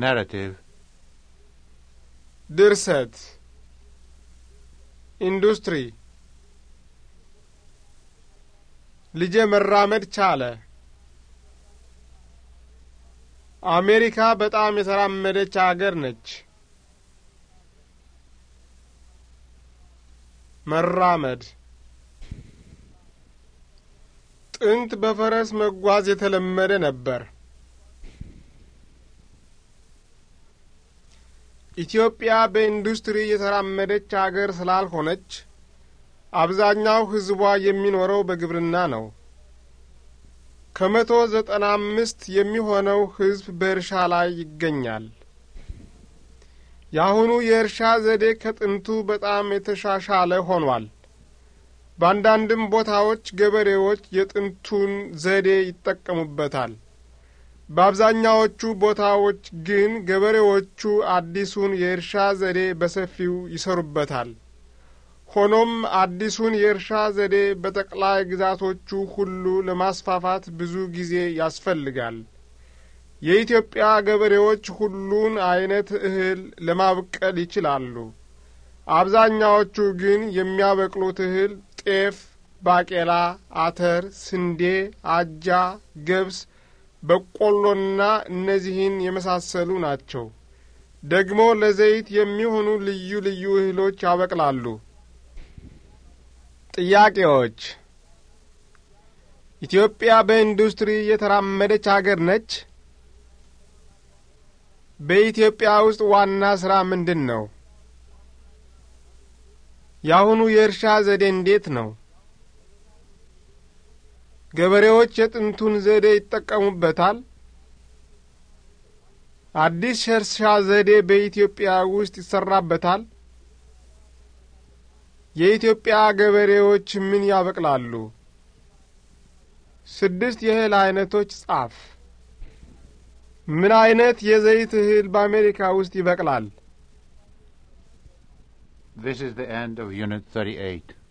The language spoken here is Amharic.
ናራቲቭ ድርሰት ኢንዱስትሪ ልጄ መራመድ ቻለ። አሜሪካ በጣም የተራመደች አገር ነች። መራመድ ጥንት በፈረስ መጓዝ የተለመደ ነበር። ኢትዮጵያ በኢንዱስትሪ የተራመደች አገር ስላልሆነች አብዛኛው ሕዝቧ የሚኖረው በግብርና ነው። ከመቶ ዘጠና አምስት የሚሆነው ሕዝብ በእርሻ ላይ ይገኛል። የአሁኑ የእርሻ ዘዴ ከጥንቱ በጣም የተሻሻለ ሆኗል። በአንዳንድም ቦታዎች ገበሬዎች የጥንቱን ዘዴ ይጠቀሙበታል። በአብዛኛዎቹ ቦታዎች ግን ገበሬዎቹ አዲሱን የእርሻ ዘዴ በሰፊው ይሰሩበታል። ሆኖም አዲሱን የእርሻ ዘዴ በጠቅላይ ግዛቶቹ ሁሉ ለማስፋፋት ብዙ ጊዜ ያስፈልጋል። የኢትዮጵያ ገበሬዎች ሁሉን አይነት እህል ለማብቀል ይችላሉ። አብዛኛዎቹ ግን የሚያበቅሉት እህል ጤፍ፣ ባቄላ፣ አተር፣ ስንዴ፣ አጃ፣ ገብስ በቆሎና እነዚህን የመሳሰሉ ናቸው። ደግሞ ለዘይት የሚሆኑ ልዩ ልዩ እህሎች ያበቅላሉ። ጥያቄዎች ኢትዮጵያ በኢንዱስትሪ የተራመደች አገር ነች? በኢትዮጵያ ውስጥ ዋና ሥራ ምንድን ነው? የአሁኑ የእርሻ ዘዴ እንዴት ነው? ገበሬዎች የጥንቱን ዘዴ ይጠቀሙበታል። አዲስ የእርሻ ዘዴ በኢትዮጵያ ውስጥ ይሰራበታል። የኢትዮጵያ ገበሬዎች ምን ያበቅላሉ? ስድስት የእህል አይነቶች ጻፍ። ምን አይነት የዘይት እህል በአሜሪካ ውስጥ ይበቅላል? This is the end of Unit 38.